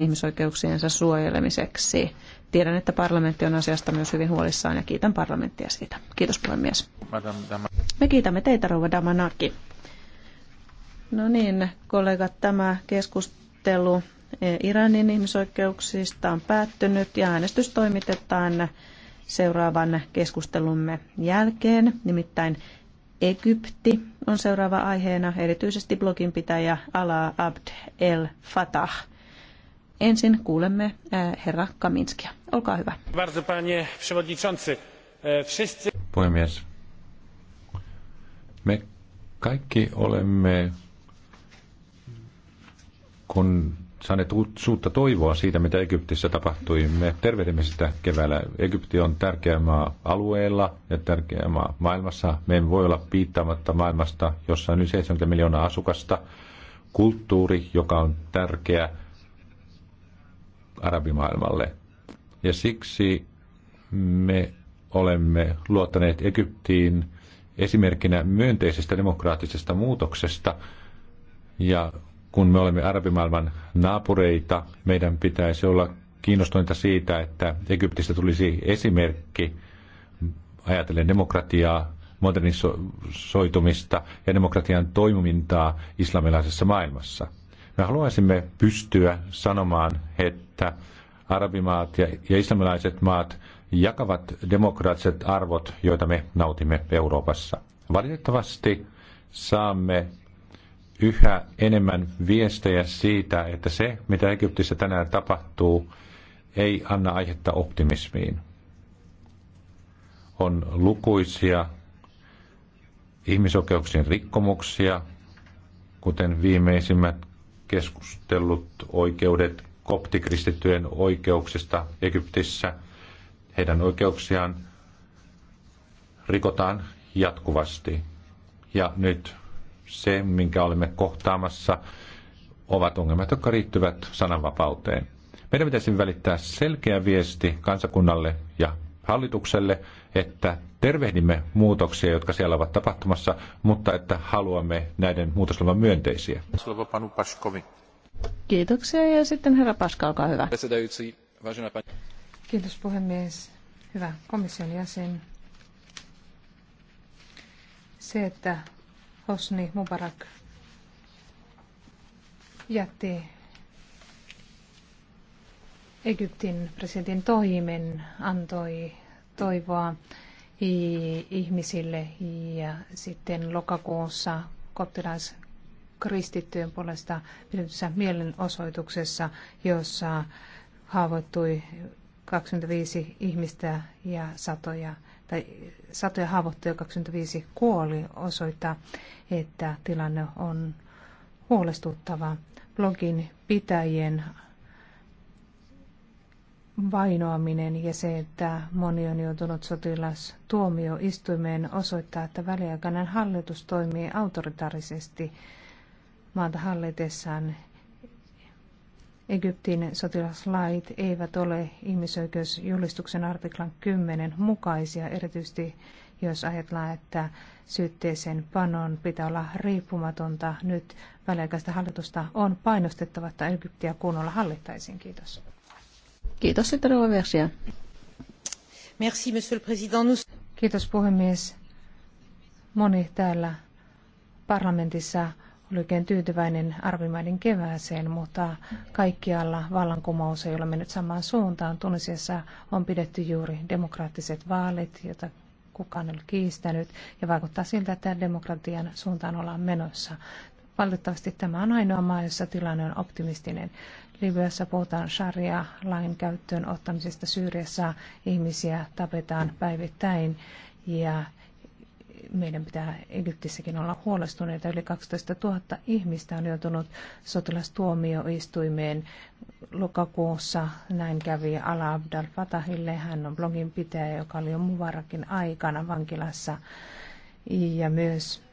ihmisoikeuksiensa suojelemiseksi. Tiedän, että parlamentti on asiasta myös hyvin huolissaan ja kiitän parlamenttia siitä. Kiitos puhemies. Me kiitämme teitä, rouva Damanaki. No niin, kollegat, tämä keskustelu eh, Iranin ihmisoikeuksista on päättynyt ja äänestys toimitetaan seuraavan keskustelumme jälkeen, nimittäin Egypti on seuraava aiheena, erityisesti blogin pitäjä Ala Abd el Fatah. Ensin kuulemme äh, herra Kaminskia. Olkaa hyvä. E, Puhemies. Me kaikki olemme kun saaneet suutta toivoa siitä, mitä Egyptissä tapahtui. Me tervehdimme sitä keväällä. Egypti on tärkeä maa alueella ja tärkeä maa maailmassa. Me emme voi olla piittaamatta maailmasta, jossa on yli 70 miljoonaa asukasta. Kulttuuri, joka on tärkeä – arabimaailmalle. Ja siksi me olemme luottaneet Egyptiin esimerkkinä myönteisestä demokraattisesta muutoksesta. Ja kun me olemme arabimaailman naapureita, meidän pitäisi olla kiinnostuneita siitä, että Egyptistä tulisi esimerkki ajatellen demokratiaa, modernisoitumista ja demokratian toimintaa islamilaisessa maailmassa. Me haluaisimme pystyä sanomaan, että arabimaat ja, islamilaiset maat jakavat demokraattiset arvot, joita me nautimme Euroopassa. Valitettavasti saamme yhä enemmän viestejä siitä, että se, mitä Egyptissä tänään tapahtuu, ei anna aihetta optimismiin. On lukuisia ihmisoikeuksien rikkomuksia, kuten viimeisimmät keskustellut oikeudet koptikristittyjen oikeuksista Egyptissä. Heidän oikeuksiaan rikotaan jatkuvasti. Ja nyt se, minkä olemme kohtaamassa, ovat ongelmat, jotka riittyvät sananvapauteen. Meidän pitäisi välittää selkeä viesti kansakunnalle ja hallitukselle, että tervehdimme muutoksia, jotka siellä ovat tapahtumassa, mutta että haluamme näiden muutoslavan myönteisiä. Kiitoksia ja sitten herra Paska, olkaa hyvä. Kiitos puhemies. Hyvä komission jäsen. Se, että Hosni Mubarak jätti Egyptin presidentin toimen, antoi toivoa ihmisille ja sitten lokakuussa koptilais kristittyjen puolesta pidetyssä mielenosoituksessa, jossa haavoittui 25 ihmistä ja satoja, tai satoja haavoittuja 25 kuoli osoittaa, että tilanne on huolestuttava. Blogin pitäjien vainoaminen ja se, että moni on joutunut sotilastuomioistuimeen, tuomioistuimeen osoittaa, että väliaikainen hallitus toimii autoritaarisesti maata hallitessaan. Egyptin sotilaslait eivät ole ihmisoikeusjulistuksen artiklan 10 mukaisia, erityisesti jos ajatellaan, että syytteeseen panon pitää olla riippumatonta. Nyt väliaikaista hallitusta on painostettava, että Egyptiä kunnolla hallittaisiin. Kiitos. Kiitos sitten Rova Versia. Merci, monsieur le président. Kiitos puhemies. Moni täällä parlamentissa oli oikein tyytyväinen arvimaiden kevääseen, mutta kaikkialla vallankumous ei ole mennyt samaan suuntaan. Tunisiassa on pidetty juuri demokraattiset vaalit, joita kukaan ei ole kiistänyt, ja vaikuttaa siltä, että demokratian suuntaan ollaan menossa. Valitettavasti tämä on ainoa maa, jossa tilanne on optimistinen. Libyassa puhutaan sharia-lain käyttöön ottamisesta. Syyriassa ihmisiä tapetaan päivittäin ja meidän pitää Egyptissäkin olla huolestuneita. Yli 12 000 ihmistä on joutunut sotilastuomioistuimeen lokakuussa. Näin kävi Ala Abdel Fatahille. Hän on blogin pitäjä, joka oli jo Muvarakin aikana vankilassa. Ja myös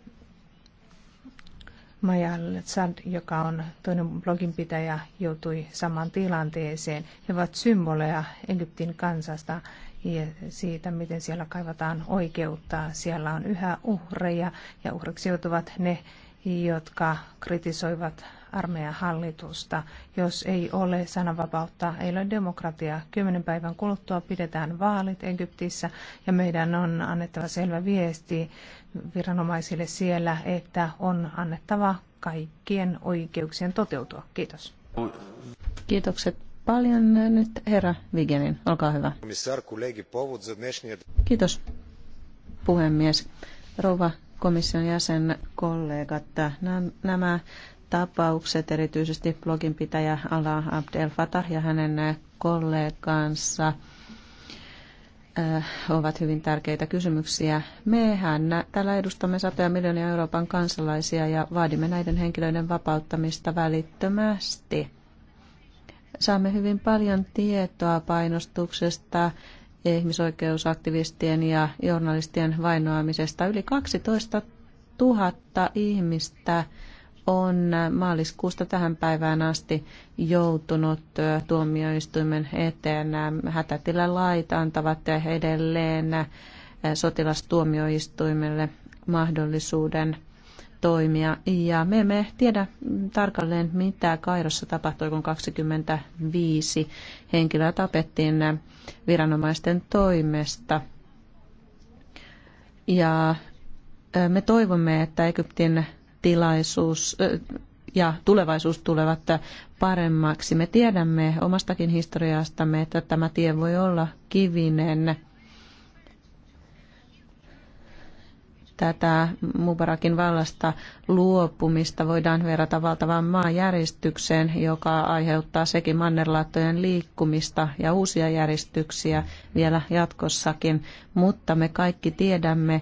Majal Sand, joka on toinen bloginpitäjä, joutui samaan tilanteeseen. He ovat symboleja Egyptin kansasta ja siitä, miten siellä kaivataan oikeutta. Siellä on yhä uhreja ja uhriksi joutuvat ne, jotka kritisoivat armeijan hallitusta. Jos ei ole sananvapautta, ei ole demokratiaa. Kymmenen päivän kuluttua pidetään vaalit Egyptissä ja meidän on annettava selvä viesti viranomaisille siellä, että on annettava kaikkien oikeuksien toteutua. Kiitos. Kiitokset paljon nyt herra Vigenin. Olkaa hyvä. Kiitos puhemies. Rouva komission jäsen kollegat, nämä tapaukset, erityisesti bloginpitäjä Ala Abdel Fatah ja hänen kollegansa, Äh, ovat hyvin tärkeitä kysymyksiä. Mehän täällä edustamme satoja miljoonia Euroopan kansalaisia ja vaadimme näiden henkilöiden vapauttamista välittömästi. Saamme hyvin paljon tietoa painostuksesta, ihmisoikeusaktivistien ja journalistien vainoamisesta. Yli 12 000 ihmistä on maaliskuusta tähän päivään asti joutunut tuomioistuimen eteen. Hätätilalait antavat edelleen sotilastuomioistuimelle mahdollisuuden toimia. Ja me emme tiedä tarkalleen, mitä Kairossa tapahtui, kun 25 henkilöä tapettiin viranomaisten toimesta. Ja me toivomme, että Egyptin tilaisuus ja tulevaisuus tulevat paremmaksi. Me tiedämme omastakin historiastamme, että tämä tie voi olla kivinen. Tätä Mubarakin vallasta luopumista voidaan verrata valtavaan maanjäristykseen, joka aiheuttaa sekin mannerlaattojen liikkumista ja uusia järistyksiä vielä jatkossakin. Mutta me kaikki tiedämme,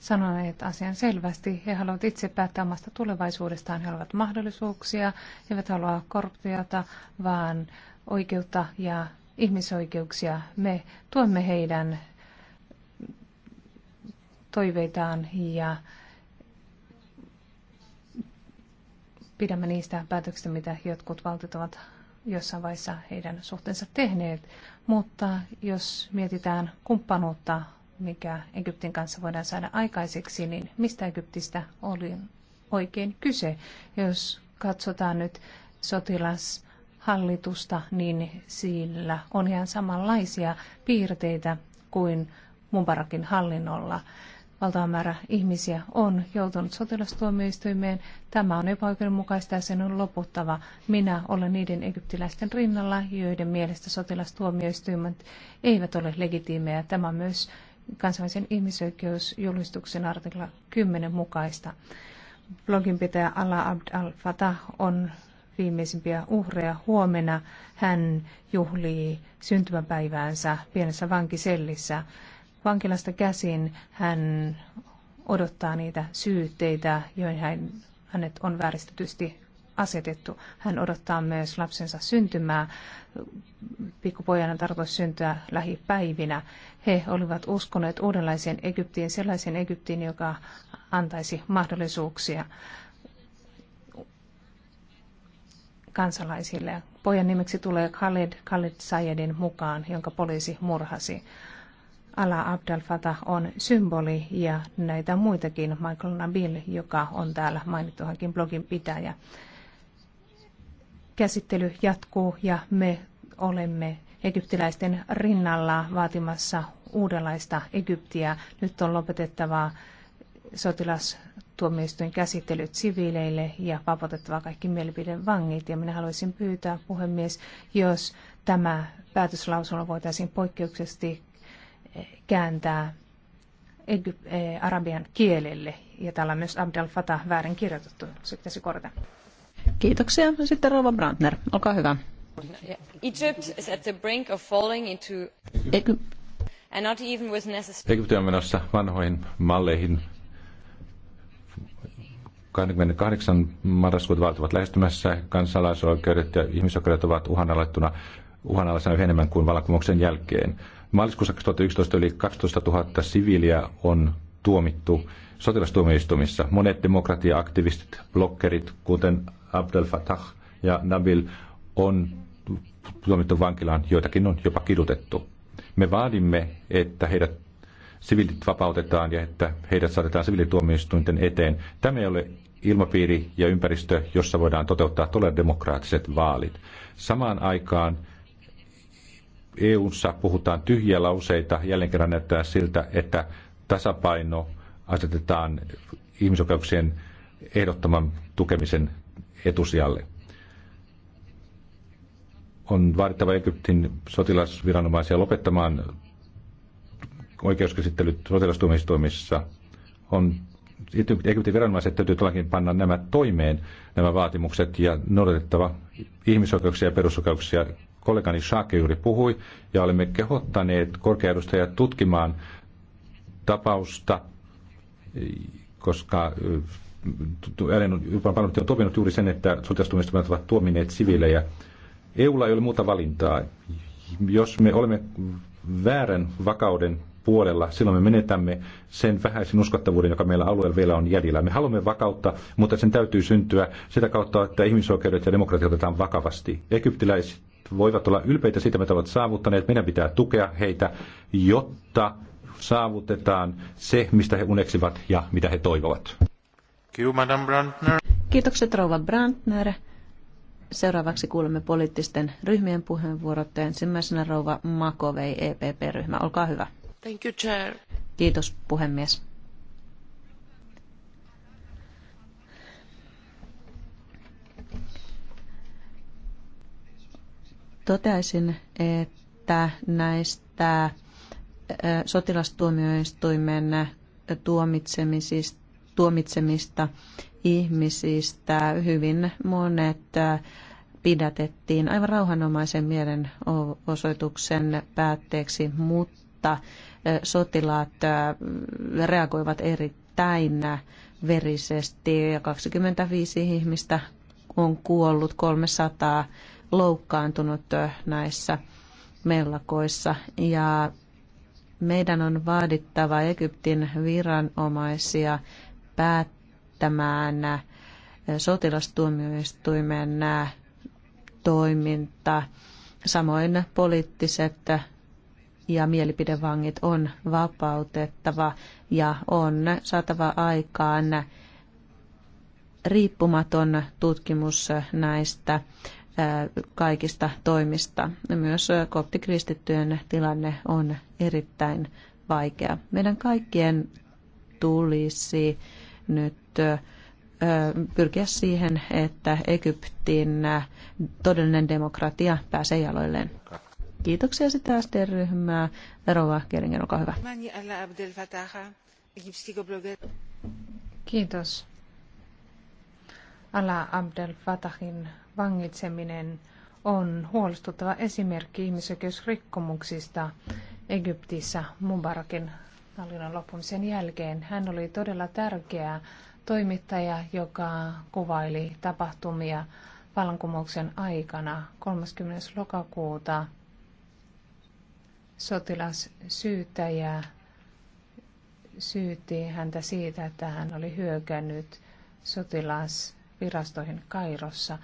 sanoneet asian selvästi. He haluavat itse päättää omasta tulevaisuudestaan. He haluavat mahdollisuuksia, he eivät halua korruptiota, vaan oikeutta ja ihmisoikeuksia. Me tuemme heidän toiveitaan ja pidämme niistä päätöksistä, mitä jotkut valtiot ovat jossain vaiheessa heidän suhteensa tehneet. Mutta jos mietitään kumppanuutta mikä Egyptin kanssa voidaan saada aikaiseksi, niin mistä Egyptistä oli oikein kyse? Jos katsotaan nyt sotilashallitusta, niin sillä on ihan samanlaisia piirteitä kuin Mubarakin hallinnolla. Valtava määrä ihmisiä on joutunut sotilastuomioistuimeen. Tämä on epäoikeudenmukaista ja sen on loputtava. Minä olen niiden egyptiläisten rinnalla, joiden mielestä sotilastuomioistuimet eivät ole legitiimejä. Tämä on myös kansainvälisen ihmisoikeusjulistuksen artikla 10 mukaista. Blogin pitäjä Ala Abd al-Fatah on viimeisimpiä uhreja. Huomenna hän juhlii syntymäpäiväänsä pienessä vankisellissä. Vankilasta käsin hän odottaa niitä syytteitä, joihin hänet on vääristetysti asetettu. Hän odottaa myös lapsensa syntymää. Pikkupojana tarkoitus syntyä lähipäivinä. He olivat uskoneet uudenlaiseen Egyptiin, sellaisen Egyptiin, joka antaisi mahdollisuuksia kansalaisille. Pojan nimeksi tulee Khaled Khaled Sayedin mukaan, jonka poliisi murhasi. Ala Abdel Fatah on symboli ja näitä muitakin, Michael Nabil, joka on täällä mainittu hankin blogin pitäjä käsittely jatkuu ja me olemme egyptiläisten rinnalla vaatimassa uudenlaista Egyptiä. Nyt on lopetettava sotilastuomioistuin käsittelyt siviileille ja vapautettava kaikki mielipidevangit. Ja minä haluaisin pyytää, puhemies, jos tämä päätöslausunto voitaisiin poikkeuksellisesti eh, kääntää eh, arabian kielelle. Ja täällä on myös Abdel Fattah väärin kirjoitettu. Se pitäisi Kiitoksia. Sitten Rova Brandner, olkaa hyvä. Egypt is at the brink of falling into... And not even with necessary... Egypti on menossa vanhoihin malleihin. 28. marraskuuta valtavat lähestymässä. Kansalaisoikeudet ja ihmisoikeudet ovat uhanalaisena uhanalaisena yhä enemmän kuin vallankumouksen jälkeen. Maaliskuussa 2011 yli 12 000 siviiliä on tuomittu sotilastuomioistuimissa. Monet demokratiaaktivistit aktivistit blokkerit, kuten Abdel Fattah ja Nabil on tuomittu vankilaan, joitakin on jopa kidutettu. Me vaadimme, että heidät sivilit vapautetaan ja että heidät saatetaan sivilituomioistuinten eteen. Tämä ei ole ilmapiiri ja ympäristö, jossa voidaan toteuttaa todella demokraattiset vaalit. Samaan aikaan EUssa puhutaan tyhjiä lauseita. Jälleen kerran näyttää siltä, että tasapaino asetetaan ihmisoikeuksien ehdottoman tukemisen etusijalle. On vaadittava Egyptin sotilasviranomaisia lopettamaan oikeuskäsittelyt sotilastuomioistuimissa. On Egyptin viranomaiset täytyy todellakin panna nämä toimeen, nämä vaatimukset, ja noudatettava ihmisoikeuksia ja perusoikeuksia. Kollegani Shake juuri puhui, ja olemme kehottaneet korkea tutkimaan tapausta, koska Euroopan parlamentti on tuominnut juuri sen, että sotilastuomioistuimet ovat tuomineet siviilejä. EUlla ei ole muuta valintaa. Jos me olemme väärän vakauden puolella, silloin me menetämme sen vähäisen uskottavuuden, joka meillä alueella vielä on jäljellä. Me haluamme vakautta, mutta sen täytyy syntyä sitä kautta, että ihmisoikeudet ja demokratia otetaan vakavasti. Egyptiläiset voivat olla ylpeitä siitä, mitä ovat saavuttaneet. Meidän pitää tukea heitä, jotta saavutetaan se, mistä he uneksivat ja mitä he toivovat you, Madam Brandner. Kiitokset, rouva Brandner. Seuraavaksi kuulemme poliittisten ryhmien puheenvuorot. Ensimmäisenä rouva Makovei, EPP-ryhmä. Olkaa hyvä. Thank you, Chair. Kiitos, puhemies. Toteaisin, että näistä sotilastuomioistuimen tuomitsemisista tuomitsemista ihmisistä. Hyvin monet äh, pidätettiin aivan rauhanomaisen mielenosoituksen päätteeksi, mutta äh, sotilaat äh, reagoivat erittäin verisesti ja 25 ihmistä on kuollut, 300 loukkaantunut näissä mellakoissa ja meidän on vaadittava Egyptin viranomaisia päättämään sotilastuomioistuimen toiminta. Samoin poliittiset ja mielipidevangit on vapautettava ja on saatava aikaan riippumaton tutkimus näistä kaikista toimista. Myös koptikristittyjen tilanne on erittäin vaikea. Meidän kaikkien tulisi nyt pyrkiä siihen, että Egyptin todellinen demokratia pääsee jaloilleen. Kiitoksia sitä SD-ryhmää. Verova Keringen, olkaa hyvä. Kiitos. Ala Abdel Fatahin vangitseminen on huolestuttava esimerkki ihmisoikeusrikkomuksista Egyptissä Mubarakin hallinnon loppumisen jälkeen. Hän oli todella tärkeä toimittaja, joka kuvaili tapahtumia vallankumouksen aikana 30. lokakuuta sotilassyyttäjä syytti häntä siitä, että hän oli hyökännyt sotilasvirastoihin Kairossa,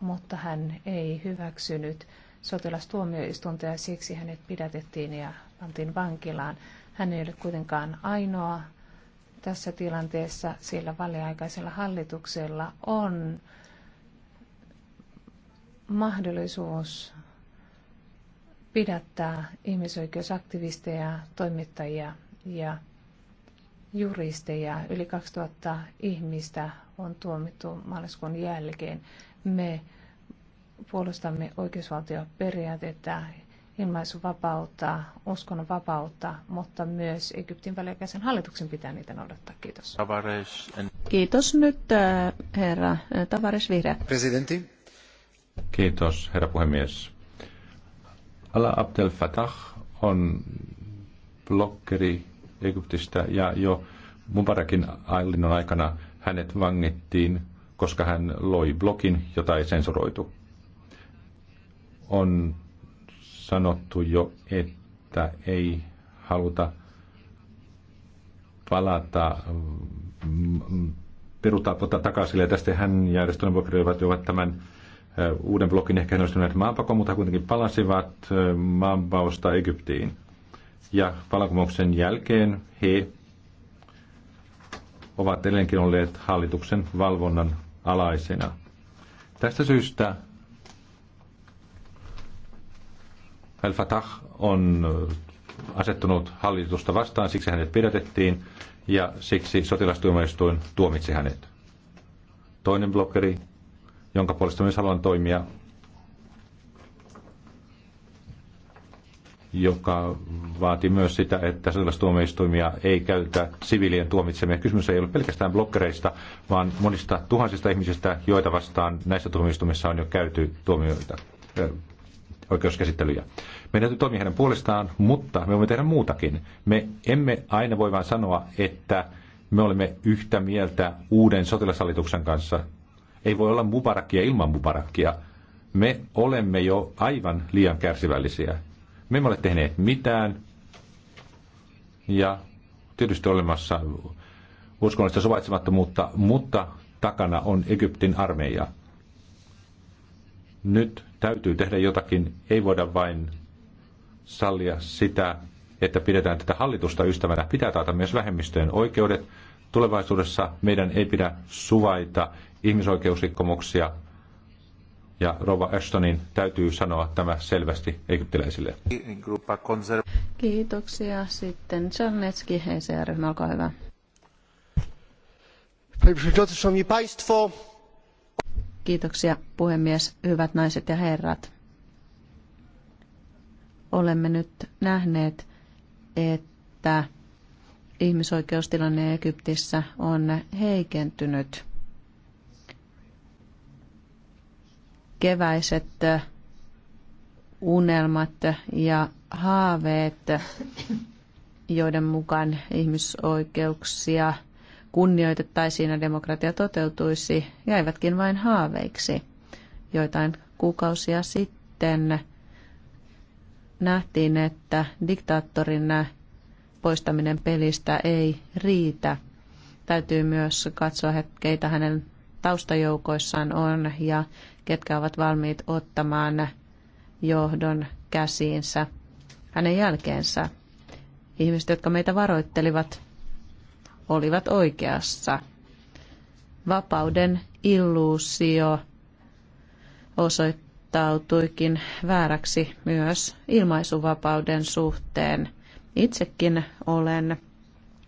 mutta hän ei hyväksynyt sotilastuomioistunta ja siksi hänet pidätettiin ja pantiin vankilaan. Hän ei ole kuitenkaan ainoa tässä tilanteessa, sillä valiaikaisella hallituksella on mahdollisuus pidättää ihmisoikeusaktivisteja, toimittajia ja juristeja. Yli 2000 ihmistä on tuomittu maaliskuun jälkeen. Me puolustamme oikeusvaltioperiaatetta ilmaisuvapautta, uskonnonvapautta, mutta myös Egyptin väliaikaisen hallituksen pitää niitä noudattaa. Kiitos. Kiitos nyt äh, herra äh, Tavares Vihreä. Presidentti. Kiitos herra puhemies. Ala Abdel Fattah on blokkeri Egyptistä ja jo Mubarakin aillinnon aikana hänet vangittiin, koska hän loi blogin, jota ei sensuroitu. On sanottu jo, että ei haluta palata mm, peruta ottaa takaisin. Ja tästä hän ja Stoltenberg ovat tämän uuden blokin ehkä nostaneet maanpakoon, mutta kuitenkin palasivat maanpausta Egyptiin. Ja palakumouksen jälkeen he ovat edelleenkin olleet hallituksen valvonnan alaisena. Tästä syystä Al-Fatah on äh, asettunut hallitusta vastaan, siksi hänet pidätettiin ja siksi sotilastuomioistuin tuomitsi hänet. Toinen blokkeri, jonka puolesta myös haluan toimia, joka vaati myös sitä, että sotilastuomioistuimia ei käytä siviilien tuomitsemia. Kysymys ei ole pelkästään blokkereista, vaan monista tuhansista ihmisistä, joita vastaan näissä tuomioistuimissa on jo käyty tuomioita, äh, oikeuskäsittelyjä. Meidän täytyy toimia hänen puolestaan, mutta me voimme tehdä muutakin. Me emme aina voi vain sanoa, että me olemme yhtä mieltä uuden sotilashallituksen kanssa. Ei voi olla mubarakkia ilman mubarakkia. Me olemme jo aivan liian kärsivällisiä. Me emme ole tehneet mitään. Ja tietysti olemassa uskonnollista suvaitsemattomuutta, mutta takana on Egyptin armeija. Nyt täytyy tehdä jotakin, ei voida vain sallia sitä, että pidetään tätä hallitusta ystävänä. Pitää taata myös vähemmistöjen oikeudet. Tulevaisuudessa meidän ei pidä suvaita ihmisoikeusrikkomuksia. Ja Rova Ashtonin täytyy sanoa tämä selvästi egyptiläisille. Kiitoksia. Sitten Czarnecki, ECR-ryhmä, olkaa hyvä. Kiitoksia puhemies, hyvät naiset ja herrat olemme nyt nähneet, että ihmisoikeustilanne Egyptissä on heikentynyt. Keväiset unelmat ja haaveet, joiden mukaan ihmisoikeuksia kunnioitettaisiin ja demokratia toteutuisi, jäivätkin vain haaveiksi. Joitain kuukausia sitten nähtiin, että diktaattorin poistaminen pelistä ei riitä. Täytyy myös katsoa, keitä hänen taustajoukoissaan on ja ketkä ovat valmiit ottamaan johdon käsiinsä hänen jälkeensä. Ihmiset, jotka meitä varoittelivat, olivat oikeassa. Vapauden illuusio osoittaa, osoittautuikin vääräksi myös ilmaisuvapauden suhteen. Itsekin olen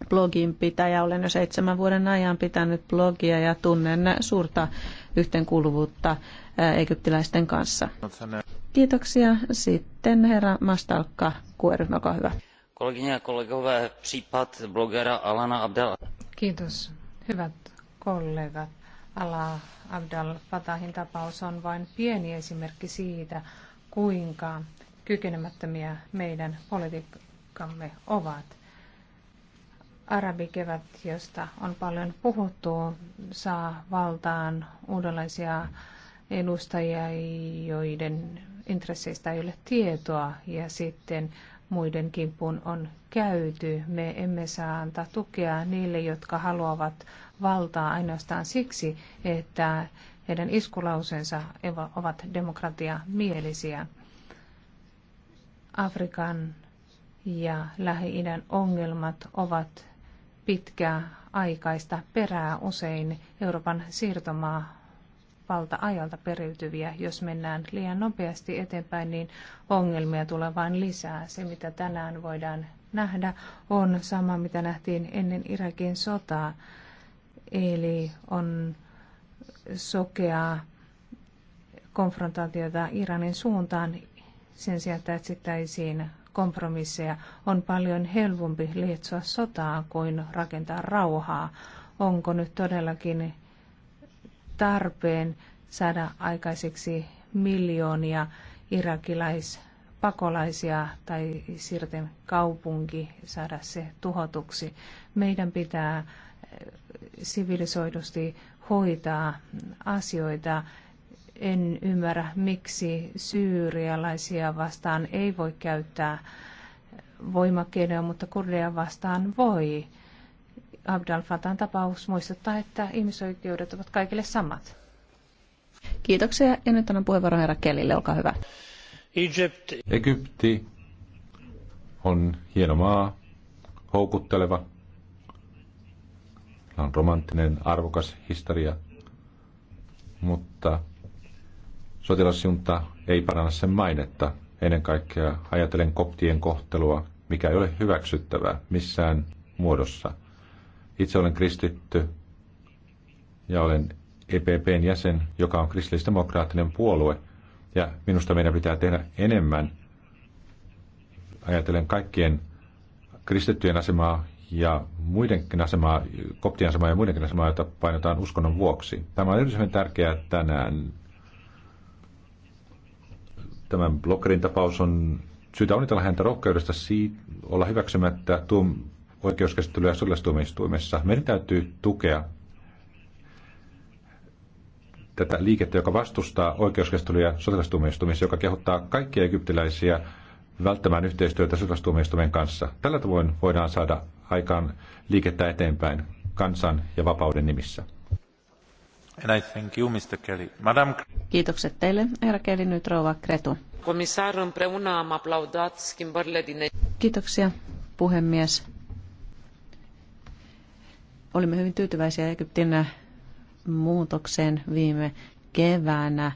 blogin pitäjä. Olen jo seitsemän vuoden ajan pitänyt blogia ja tunnen suurta yhteenkuuluvuutta eh, egyptiläisten kanssa. Kiitoksia. Sitten herra Mastalkka QRM, olkaa hyvä. Kollegine ja kollegove, případ blogera Alana Abdel. Kiitos. Hyvät kollegat. Ala Abdal Fatahin tapaus on vain pieni esimerkki siitä, kuinka kykenemättömiä meidän politiikkamme ovat. Arabikevät, josta on paljon puhuttu, saa valtaan uudenlaisia edustajia, joiden intresseistä ei ole tietoa, ja sitten muiden kimppuun on käyty. Me emme saa antaa tukea niille, jotka haluavat valtaa ainoastaan siksi, että heidän iskulausensa ovat demokratia mielisiä. Afrikan ja Lähi-idän ongelmat ovat pitkäaikaista perää usein Euroopan siirtomaa valta-ajalta periytyviä. Jos mennään liian nopeasti eteenpäin, niin ongelmia tulee vain lisää. Se, mitä tänään voidaan nähdä, on sama, mitä nähtiin ennen Irakin sotaa. Eli on sokeaa konfrontaatiota Iranin suuntaan sen sijaan, että etsittäisiin kompromisseja. On paljon helpompi lietsoa sotaa kuin rakentaa rauhaa. Onko nyt todellakin tarpeen saada aikaiseksi miljoonia irakilaisia pakolaisia tai siirten kaupunki saada se tuhotuksi. Meidän pitää eh, sivilisoidusti hoitaa asioita. En ymmärrä, miksi syyrialaisia vastaan ei voi käyttää voimakeinoja, mutta kurdeja vastaan voi. Abdel Fatan tapaus muistuttaa, että ihmisoikeudet ovat kaikille samat. Kiitoksia ja nyt annan puheenvuoron herra Kellille, olkaa hyvä. Egypti on hieno maa, houkutteleva. Sillä on romanttinen, arvokas historia, mutta sotilasjunta ei paranna sen mainetta. Ennen kaikkea ajatellen koptien kohtelua, mikä ei ole hyväksyttävää missään muodossa. Itse olen kristitty ja olen EPPn jäsen, joka on kristillisdemokraattinen puolue – ja minusta meidän pitää tehdä enemmän ajatellen kaikkien kristittyjen asemaa ja muidenkin asemaa, koptien asemaa ja muidenkin asemaa, joita painotaan uskonnon vuoksi. Tämä on erityisen tärkeää tänään. Tämän blokkerin tapaus on syytä onnitella häntä rohkeudesta siitä, olla hyväksymättä tuom- oikeuskäsittelyä sotilastuomioistuimessa. Meidän täytyy tukea tätä liikettä, joka vastustaa ja sotilastuomioistuimissa, joka kehottaa kaikkia egyptiläisiä välttämään yhteistyötä sotilastuomioistumien kanssa. Tällä tavoin voidaan saada aikaan liikettä eteenpäin kansan ja vapauden nimissä. And I thank you, Mr. Kelly. Madam... Kiitokset teille, herra Kelly, nyt rouva Kretu. Kiitoksia, puhemies. Olimme hyvin tyytyväisiä Egyptin muutokseen viime keväänä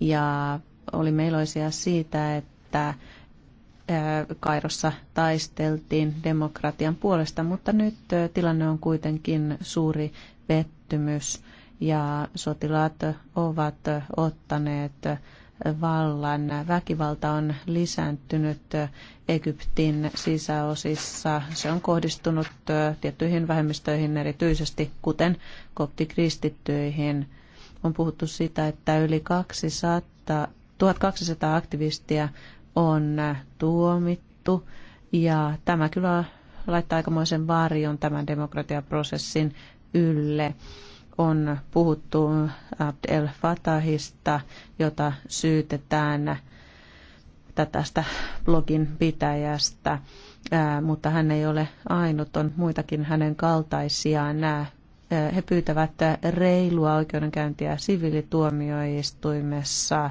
ja olimme iloisia siitä, että Kairossa taisteltiin demokratian puolesta, mutta nyt tilanne on kuitenkin suuri pettymys ja sotilaat ovat ottaneet vallan. Väkivalta on lisääntynyt Egyptin sisäosissa. Se on kohdistunut tiettyihin vähemmistöihin erityisesti, kuten koptikristittyihin. On puhuttu siitä, että yli 200, 1200 aktivistia on tuomittu ja tämä kyllä laittaa aikamoisen varjon tämän demokratiaprosessin ylle on puhuttu Abd el Fatahista, jota syytetään tästä blogin pitäjästä, mutta hän ei ole ainut, on muitakin hänen kaltaisiaan. Nämä he pyytävät reilua oikeudenkäyntiä siviilituomioistuimessa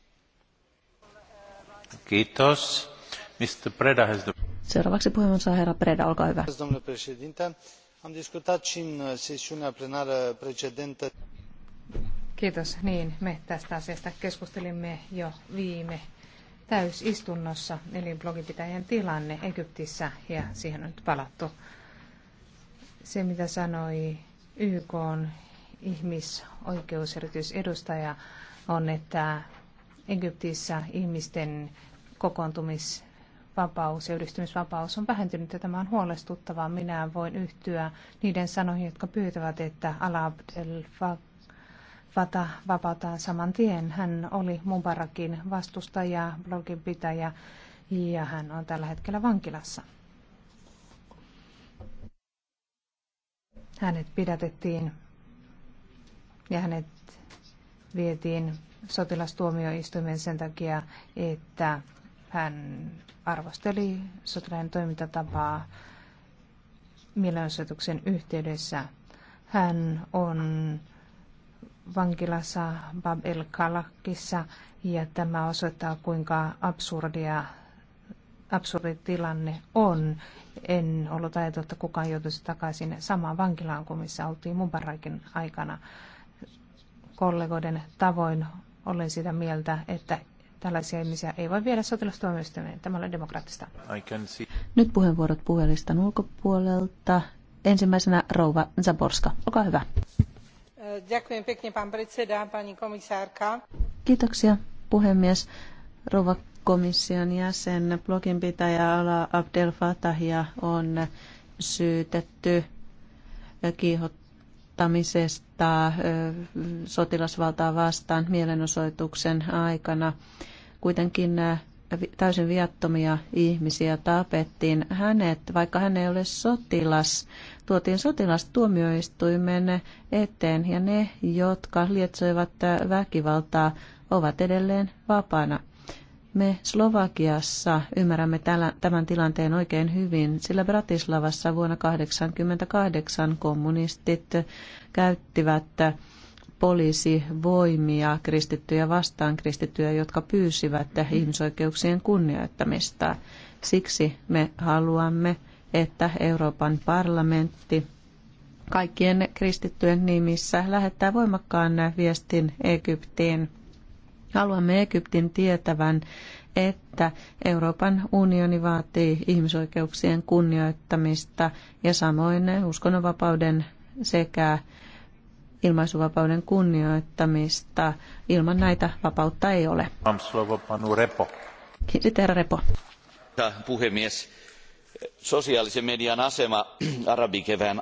Kiitos. Mr. Preda Seuraavaksi Am discutat și în sesiunea plenară precedentă. Kiitos. Niin, me tästä asiasta keskustelimme jo viime täysistunnossa, eli blogipitäjän tilanne Egyptissä, ja siihen nyt palattu. Se, mitä sanoi YK on on, että Egyptissä ihmisten kokoontumisvapaus, ja yhdistymisvapaus on vähentynyt ja tämä on huolestuttavaa. Minä voin yhtyä niiden sanoihin, jotka pyytävät, että Ala Abdel Vata vapautaan saman tien. Hän oli Mubarakin vastustaja, blogin pitäjä ja hän on tällä hetkellä vankilassa. Hänet pidätettiin ja hänet vietiin sotilastuomioistuimen sen takia, että hän arvosteli sotilaiden toimintatapaa mielenosoituksen yhteydessä. Hän on vankilassa Bab el Kalakissa ja tämä osoittaa kuinka absurdia absurdi tilanne on. En ollut ajatellut, että kukaan joutuisi takaisin samaan vankilaan kuin missä oltiin Mubarakin aikana. Kollegoiden tavoin olen sitä mieltä, että tällaisia ihmisiä ei voi viedä sotilastuomioistuimeen. Tämä on demokraattista. Nyt puheenvuorot puhelistan ulkopuolelta. Ensimmäisenä rouva Zaborska. Olkaa hyvä. Kiitoksia puhemies. Rouva komission jäsen, bloginpitäjä Ala Abdel Fatahia on syytetty kiihot ottamisesta sotilasvaltaa vastaan mielenosoituksen aikana. Kuitenkin täysin viattomia ihmisiä tapettiin. Hänet, vaikka hän ei ole sotilas, tuotiin sotilastuomioistuimen eteen ja ne, jotka lietsoivat väkivaltaa, ovat edelleen vapaana. Me Slovakiassa ymmärrämme tämän tilanteen oikein hyvin, sillä Bratislavassa vuonna 1988 kommunistit käyttivät poliisivoimia kristittyjä vastaan, kristittyjä, jotka pyysivät ihmisoikeuksien kunnioittamista. Siksi me haluamme, että Euroopan parlamentti kaikkien kristittyjen nimissä lähettää voimakkaan viestin Egyptiin – Haluamme Egyptin tietävän, että Euroopan unioni vaatii ihmisoikeuksien kunnioittamista ja samoin uskonnonvapauden sekä ilmaisuvapauden kunnioittamista. Ilman näitä vapautta ei ole. Kiitos, herra Repo. Puhemies, sosiaalisen median asema arabikevään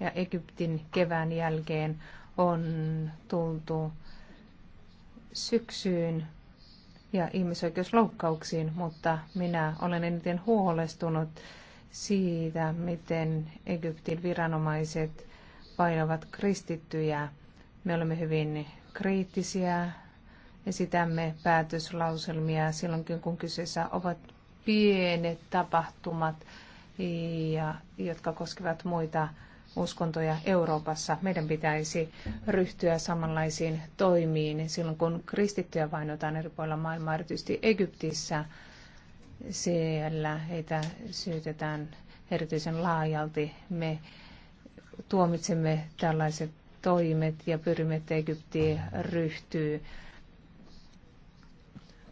ja Egyptin kevään jälkeen on tultu syksyyn ja ihmisoikeusloukkauksiin, mutta minä olen eniten huolestunut siitä, miten Egyptin viranomaiset painavat kristittyjä. Me olemme hyvin kriittisiä, esitämme päätöslauselmia silloinkin, kun kyseessä ovat pienet tapahtumat, ja, jotka koskevat muita uskontoja Euroopassa. Meidän pitäisi ryhtyä samanlaisiin toimiin silloin, kun kristittyjä vainotaan eri puolilla maailmaa, erityisesti Egyptissä. Siellä heitä syytetään erityisen laajalti. Me tuomitsemme tällaiset toimet ja pyrimme, että Egypti ryhtyy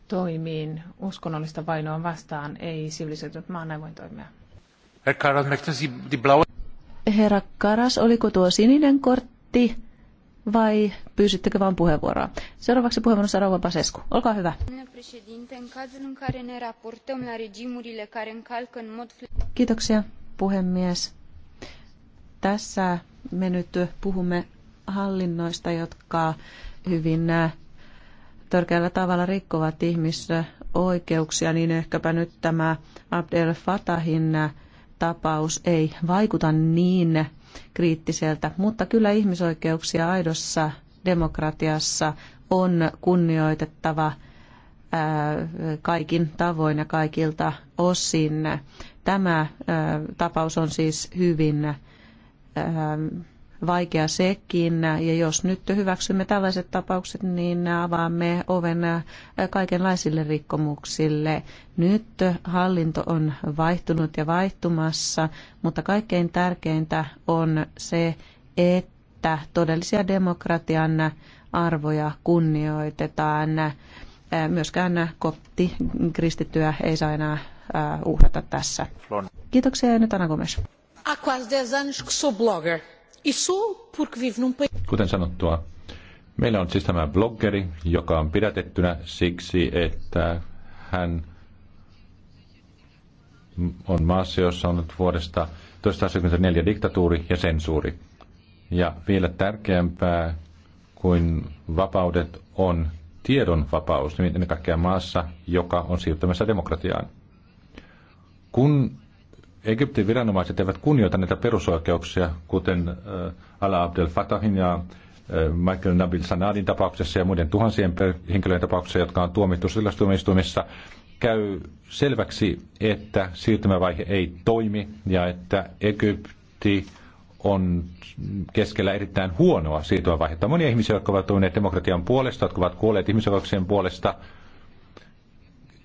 toimiin uskonnollista vainoa vastaan. Ei sivilisoitunut maa näin voi toimia. Herr Karas, möchten Sie die blaue Herra Karas, oliko tuo sininen kortti vai pyysittekö vain puheenvuoroa? Seuraavaksi saa Rauva Pasescu. Olkaa hyvä. Kiitoksia puhemies. Tässä me nyt puhumme hallinnoista, jotka hyvin äh, törkeällä tavalla rikkovat ihmisoikeuksia, niin ehkäpä nyt tämä Abdel Fatahin äh, tapaus ei vaikuta niin kriittiseltä, mutta kyllä ihmisoikeuksia aidossa demokratiassa on kunnioitettava kaikin tavoin ja kaikilta osin. Tämä tapaus on siis hyvin vaikea sekin. Ja jos nyt hyväksymme tällaiset tapaukset, niin avaamme oven kaikenlaisille rikkomuksille. Nyt hallinto on vaihtunut ja vaihtumassa, mutta kaikkein tärkeintä on se, että todellisia demokratian arvoja kunnioitetaan. Myöskään kopti kristittyä ei saa enää uhrata tässä. Kiitoksia ja nyt Anna Gomes. quase 10 anos que sou blogger E Kuten sanottua, meillä on siis tämä bloggeri, joka on pidätettynä siksi, että hän on maassa, jossa on nyt vuodesta 1974 diktatuuri ja sensuuri. Ja vielä tärkeämpää kuin vapaudet on tiedon vapaus, nimittäin kaikkea maassa, joka on siirtymässä demokratiaan. Kun Egyptin viranomaiset eivät kunnioita näitä perusoikeuksia, kuten äh, Ala Abdel Fatahin ja äh, Michael Nabil Sanadin tapauksessa ja muiden tuhansien henkilöiden tapauksessa, jotka on tuomittu sotilastuomioistuimissa, käy selväksi, että siirtymävaihe ei toimi ja että Egypti on keskellä erittäin huonoa siirtymävaihetta. Monia ihmisiä, jotka ovat toimineet demokratian puolesta, jotka ovat kuolleet ihmisoikeuksien puolesta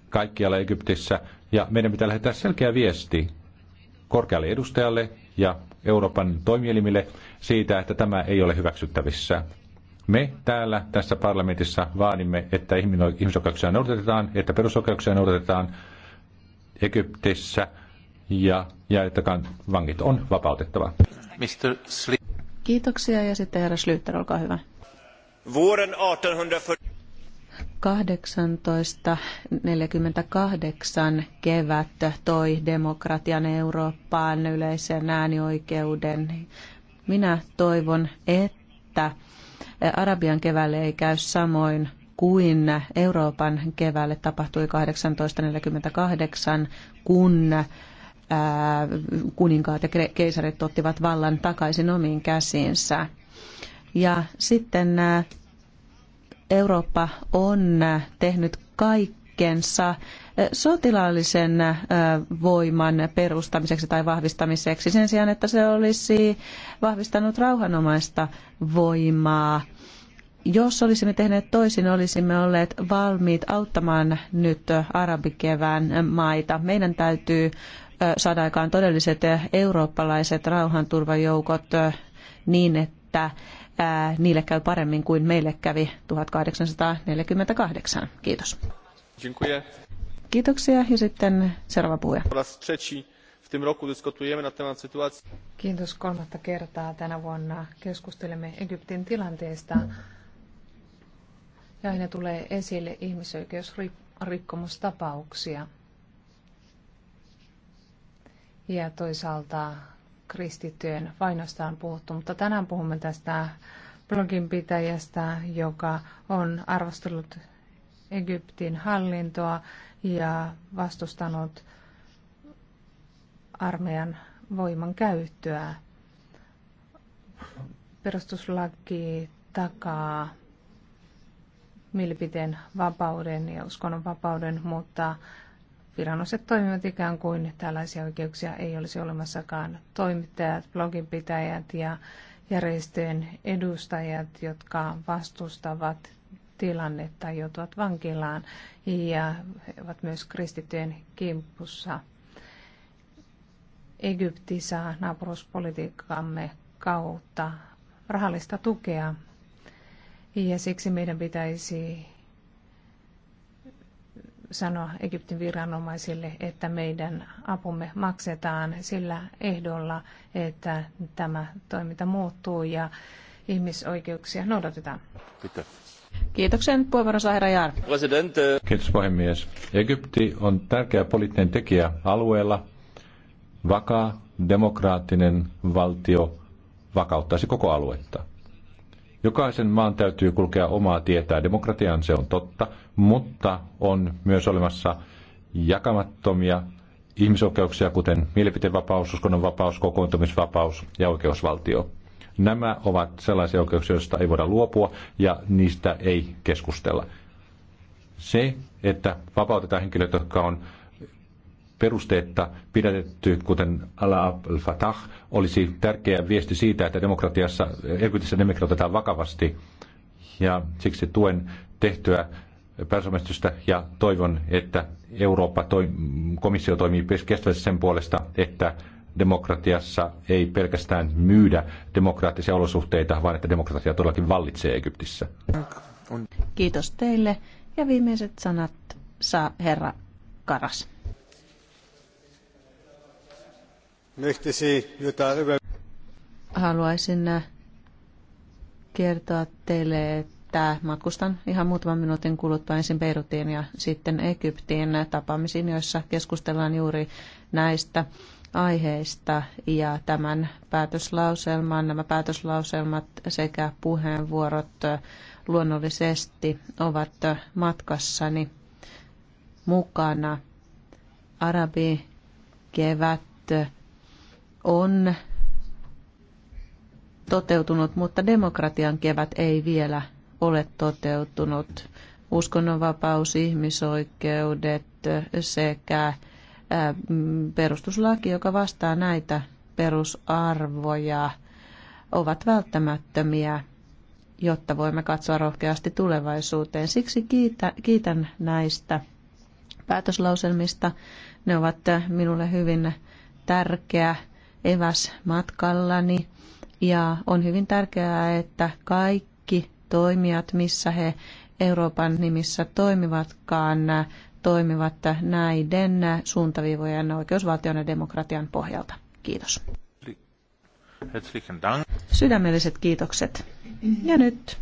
kaikkialla Egyptissä. Ja meidän pitää lähettää selkeä viesti korkealle edustajalle ja Euroopan toimielimille siitä, että tämä ei ole hyväksyttävissä. Me täällä tässä parlamentissa vaadimme, että ihmisoikeuksia noudatetaan, että perusoikeuksia noudatetaan Egyptissä ja, ja että vangit on vapautettava. Mr. Kiitoksia ja sitten herra Slyter, olkaa hyvä. Vuoden 1840 1848 kevät toi demokratian Eurooppaan yleisen äänioikeuden. Minä toivon, että Arabian keväälle ei käy samoin kuin Euroopan keväälle tapahtui 1848, kun äh, kuninkaat ja keisarit ottivat vallan takaisin omiin käsiinsä. Ja sitten äh, Eurooppa on tehnyt kaikkensa sotilaallisen voiman perustamiseksi tai vahvistamiseksi sen sijaan, että se olisi vahvistanut rauhanomaista voimaa. Jos olisimme tehneet toisin, olisimme olleet valmiit auttamaan nyt arabikevään maita. Meidän täytyy saada aikaan todelliset eurooppalaiset rauhanturvajoukot niin, että niille käy paremmin kuin meille kävi 1848. Kiitos. Dziękuję. Kiitoksia ja sitten seuraava puhuja. Kiitos kolmatta kertaa tänä vuonna keskustelemme Egyptin tilanteesta. Ja aina tulee esille ihmisoikeusrikkomustapauksia. Ja toisaalta kristittyjen vainosta on puhuttu, mutta tänään puhumme tästä bloginpitäjästä, joka on arvostellut Egyptin hallintoa ja vastustanut armeijan voiman käyttöä. Perustuslaki takaa mielipiteen vapauden ja uskonnon vapauden, mutta viranomaiset toimivat ikään kuin tällaisia oikeuksia ei olisi olemassakaan. Toimittajat, bloginpitäjät ja järjestöjen edustajat, jotka vastustavat tilannetta, joutuvat vankilaan ja ovat myös kristittyjen kimpussa. Egypti saa naapuruspolitiikkamme kautta rahallista tukea ja siksi meidän pitäisi sanoa Egyptin viranomaisille, että meidän apumme maksetaan sillä ehdolla, että tämä toiminta muuttuu ja ihmisoikeuksia noudatetaan. Kiitos. Kiitoksen puheenvuoron saa Kiitos puhemies. Egypti on tärkeä poliittinen tekijä alueella. Vakaa, demokraattinen valtio vakauttaisi koko aluetta. Jokaisen maan täytyy kulkea omaa tietää. Demokratiaan se on totta, mutta on myös olemassa jakamattomia ihmisoikeuksia, kuten mielipiteenvapaus, uskonnonvapaus, kokoontumisvapaus ja oikeusvaltio. Nämä ovat sellaisia oikeuksia, joista ei voida luopua ja niistä ei keskustella. Se, että vapautetaan henkilöt, jotka on perusteetta pidätetty, kuten ala Al-Fatah, olisi tärkeä viesti siitä, että demokratiassa, Egyptissä demokratia otetaan vakavasti. Ja siksi tuen tehtyä pääsomestystä ja toivon, että Eurooppa toi, komissio toimii kestävästi sen puolesta, että demokratiassa ei pelkästään myydä demokraattisia olosuhteita, vaan että demokratia todellakin vallitsee Egyptissä. Kiitos teille. Ja viimeiset sanat saa herra Karas. Haluaisin äh, kertoa teille, että matkustan ihan muutaman minuutin kuluttua ensin Beirutiin ja sitten Egyptiin tapaamisiin, joissa keskustellaan juuri näistä aiheista ja tämän päätöslauselman, nämä päätöslauselmat sekä puheenvuorot äh, luonnollisesti ovat äh, matkassani mukana. Arabi kevät on toteutunut, mutta demokratian kevät ei vielä ole toteutunut. Uskonnonvapaus, ihmisoikeudet sekä äh, perustuslaki, joka vastaa näitä perusarvoja, ovat välttämättömiä, jotta voimme katsoa rohkeasti tulevaisuuteen. Siksi kiitä, kiitän näistä päätöslauselmista. Ne ovat minulle hyvin tärkeä eväs matkallani ja on hyvin tärkeää, että kaikki toimijat, missä he Euroopan nimissä toimivatkaan, toimivat näiden suuntaviivojen oikeusvaltion ja demokratian pohjalta. Kiitos. Sydämelliset kiitokset. Ja nyt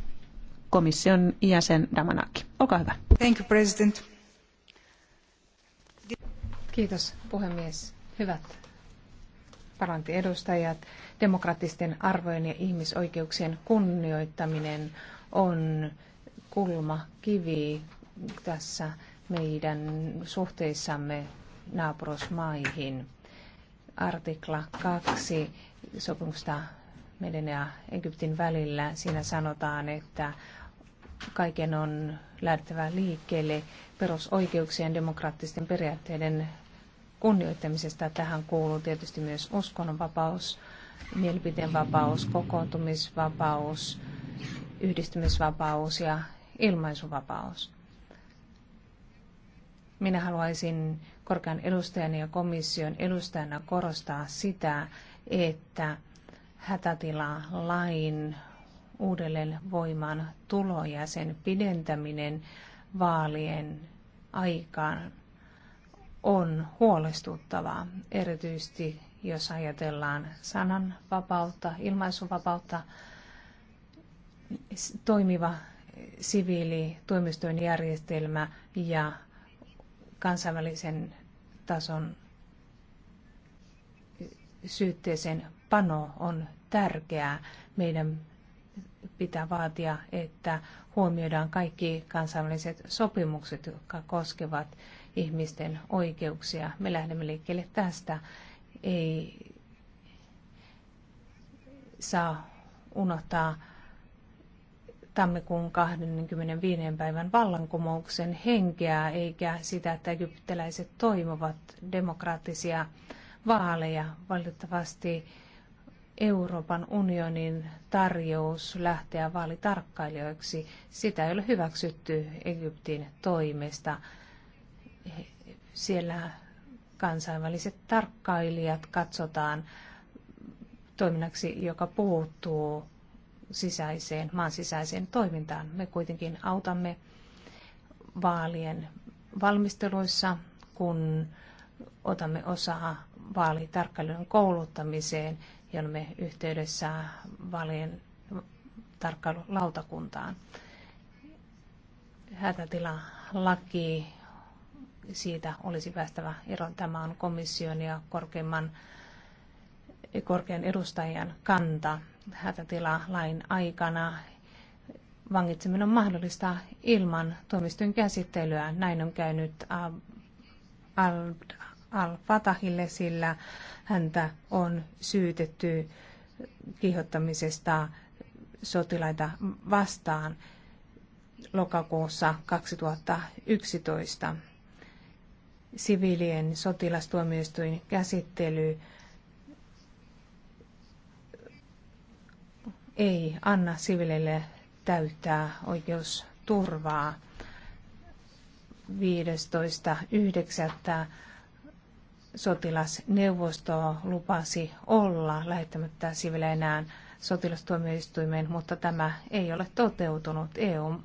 komission jäsen Damanaki. Olkaa hyvä. Thank you, President. Kiitos puhemies. Hyvät parlamentin edustajat, demokraattisten arvojen ja ihmisoikeuksien kunnioittaminen on kulmakivi tässä meidän suhteissamme naapurusmaihin. Artikla 2 sopimusta meidän ja Egyptin välillä, siinä sanotaan, että kaiken on lähtevä liikkeelle perusoikeuksien demokraattisten periaatteiden kunnioittamisesta. Tähän kuuluu tietysti myös uskonnonvapaus, mielipiteenvapaus, kokoontumisvapaus, yhdistymisvapaus ja ilmaisuvapaus. Minä haluaisin korkean edustajan ja komission edustajana korostaa sitä, että hätätilalain uudelleen voimaan tulo ja sen pidentäminen vaalien aikaan on huolestuttavaa, erityisesti jos ajatellaan sananvapautta, ilmaisuvapautta, toimiva siviili, toimistojen järjestelmä ja kansainvälisen tason syytteeseen pano on tärkeää. Meidän pitää vaatia, että huomioidaan kaikki kansainväliset sopimukset, jotka koskevat ihmisten oikeuksia. Me lähdemme liikkeelle tästä. Ei saa unohtaa tammikuun 25. päivän vallankumouksen henkeä, eikä sitä, että egyptiläiset toimivat demokraattisia vaaleja. Valitettavasti Euroopan unionin tarjous lähteä vaalitarkkailijoiksi, sitä ei ole hyväksytty Egyptin toimesta siellä kansainväliset tarkkailijat katsotaan toiminnaksi, joka puuttuu sisäiseen, maan sisäiseen toimintaan. Me kuitenkin autamme vaalien valmisteluissa, kun otamme osaa vaalitarkkailijan kouluttamiseen, ja olemme yhteydessä vaalien tarkkailulautakuntaan. Hätätilalaki siitä olisi päästävä eroon. Tämä on komission ja korkeimman, korkean edustajan kanta hätätilalain aikana. Vangitseminen on mahdollista ilman tuomistyn käsittelyä. Näin on käynyt Al-Fatahille, sillä häntä on syytetty kiihottamisesta sotilaita vastaan lokakuussa 2011 siviilien sotilastuomioistuin käsittely ei anna siviileille täyttää oikeusturvaa. 15.9. sotilasneuvosto lupasi olla lähettämättä siviileinään sotilastuomioistuimeen, mutta tämä ei ole toteutunut. EU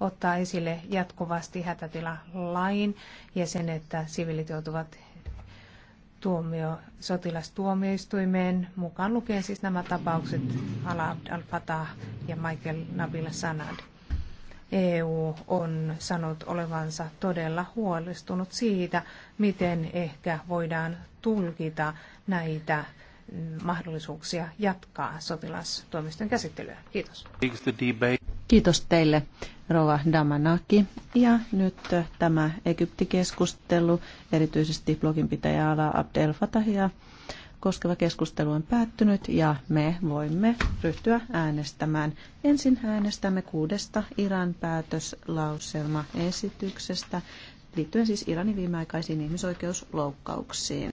ottaa esille jatkuvasti hätätilalain ja sen, että siviilit joutuvat tuomio, sotilastuomioistuimeen, mukaan lukien siis nämä tapaukset Ala Abd al-Fatah ja Michael Nabil Sanad. EU on sanonut olevansa todella huolestunut siitä, miten ehkä voidaan tulkita näitä mm, mahdollisuuksia jatkaa sotilastuomisten käsittelyä. Kiitos. Kiitos teille, Rova Damanaki. Ja nyt tämä Egyptikeskustelu, erityisesti bloginpitäjä Ala Abdel Fatahia koskeva keskustelu on päättynyt ja me voimme ryhtyä äänestämään. Ensin äänestämme kuudesta Iran päätöslauselmaesityksestä liittyen siis Iranin viimeaikaisiin ihmisoikeusloukkauksiin.